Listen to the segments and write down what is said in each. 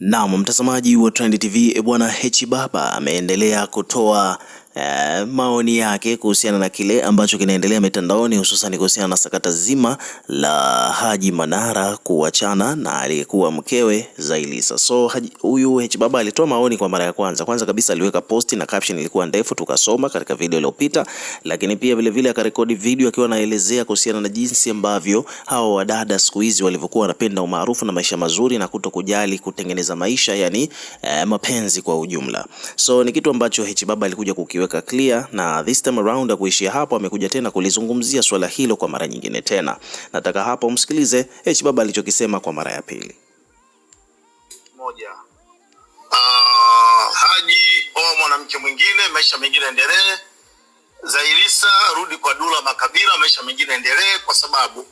Naam, mtazamaji wa Trend TV, e bwana Hechi Baba ameendelea kutoa Eh, maoni yake kuhusiana na kile ambacho kinaendelea mitandaoni hususan kuhusiana na sakata zima la Haji Manara kuachana na aliyekuwa mkewe Zailisa. So huyu H Baba alitoa maoni kwa mara ya kwanza. Kwanza kabisa aliweka posti na caption ilikuwa ndefu, tukasoma katika video iliyopita, lakini pia vilevile akarekodi video akiwa anaelezea kuhusiana na jinsi ambavyo hao wadada siku hizi walivyokuwa wanapenda umaarufu na maisha mazuri na kuto kujali kutengeneza maisha, yani eh, mapenzi kwa ujumla. So ni kitu ambacho H Baba alikuja kukiweka kuliweka clear, na this time around akuishia hapo, amekuja tena kulizungumzia swala hilo kwa mara nyingine tena. Nataka hapo msikilize H Baba alichokisema kwa mara ya pili. Moja. Uh, Haji oa mwanamke mwingine, maisha mengine endelee. Zailisa, rudi kwa Dula Makabila, maisha mengine endelee, kwa sababu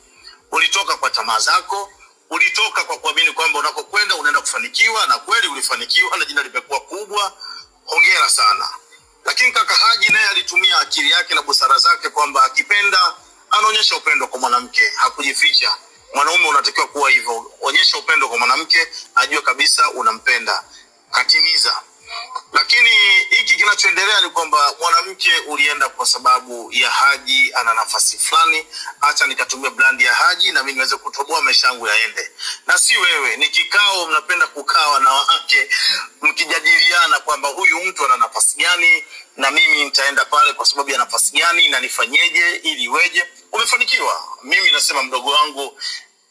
ulitoka kwa tamaa zako, ulitoka kwa kuamini kwamba unakokwenda unaenda kufanikiwa, na kweli ulifanikiwa na jina limekuwa mwanamke, hakujificha. Mwanaume unatakiwa kuwa hivyo, onyesha upendo kwa mwanamke, ajue kabisa unampenda, katimiza. Lakini hiki kinachoendelea ni kwamba mwanamke ulienda kwa sababu ya Haji ana nafasi fulani, acha nikatumia brand ya Haji na mimi niweze kutoboa maisha yangu yaende, na si wewe. Ni kikao mnapenda kukaa wanawake mkijadiliana kwamba huyu mtu ana nafasi gani, na mimi nitaenda pale kwa sababu ya nafasi gani, na nifanyeje ili weje umefanikiwa. Mimi nasema mdogo wangu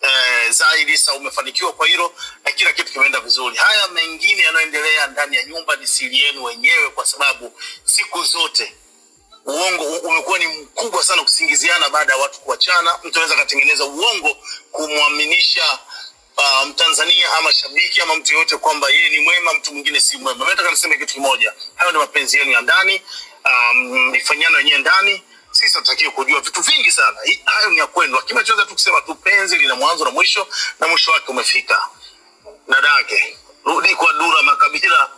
eh, zaidi sa umefanikiwa kwa hilo na kila kitu kimeenda vizuri. Haya mengine yanayoendelea ndani ya nyumba ni siri yenu wenyewe, kwa sababu siku zote uongo umekuwa ni mkubwa sana kusingiziana baada ya watu kuachana. Mtu anaweza akatengeneza uongo kumwaminisha uh, Mtanzania ama shabiki ama mtu yoyote kwamba yeye ni mwema, mtu mwingine si mwema. Mimi nataka niseme kitu kimoja, hayo ni mapenzi yenu ya ndani, um, ah, mm, ifanyano yenyewe ndani sisi tunatakiwa kujua vitu vingi sana. Hayo ni ya kwenu, lakini tunaweza tu kusema tu penzi lina mwanzo na mwisho na mwisho wake umefika. Dadake rudi kwa Dura Makabila.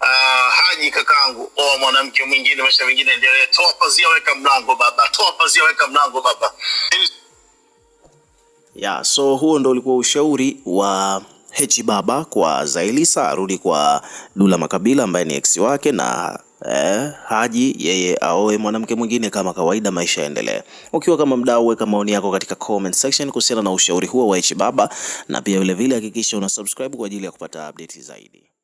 Uh, ah, Haji kakangu, oh, mwanamke mwingine, maisha mengine endelee. Toa pazia weka mlango baba, toa pazia weka mlango baba. Ya, yeah, so huo ndo ulikuwa ushauri wa Hechi Baba kwa Zailisa arudi kwa Dula Makabila ambaye ni ex wake na eh, Haji yeye aoe mwanamke mwingine kama kawaida, maisha yaendelee. Ukiwa kama mdau, weka maoni yako katika comment section kuhusiana na ushauri huo wa Hechi Baba, na pia vilevile hakikisha una subscribe kwa ajili ya kupata update zaidi.